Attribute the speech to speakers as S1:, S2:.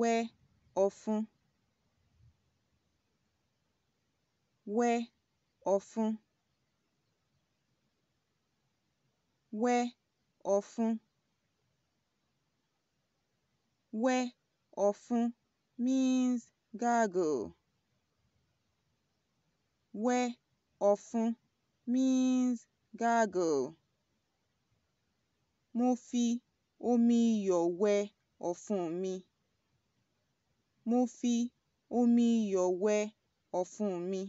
S1: wẹ́ ọ̀fun wẹ́ ọ̀fun wẹ́ ọ̀fun wẹ́ ọ̀fun means gargle wẹ́ ọ̀fun means gargle mo fi omi iyọ̀ wẹ ọ̀fun mi mo fi omi iyọ̀ wẹ ọ̀fun mi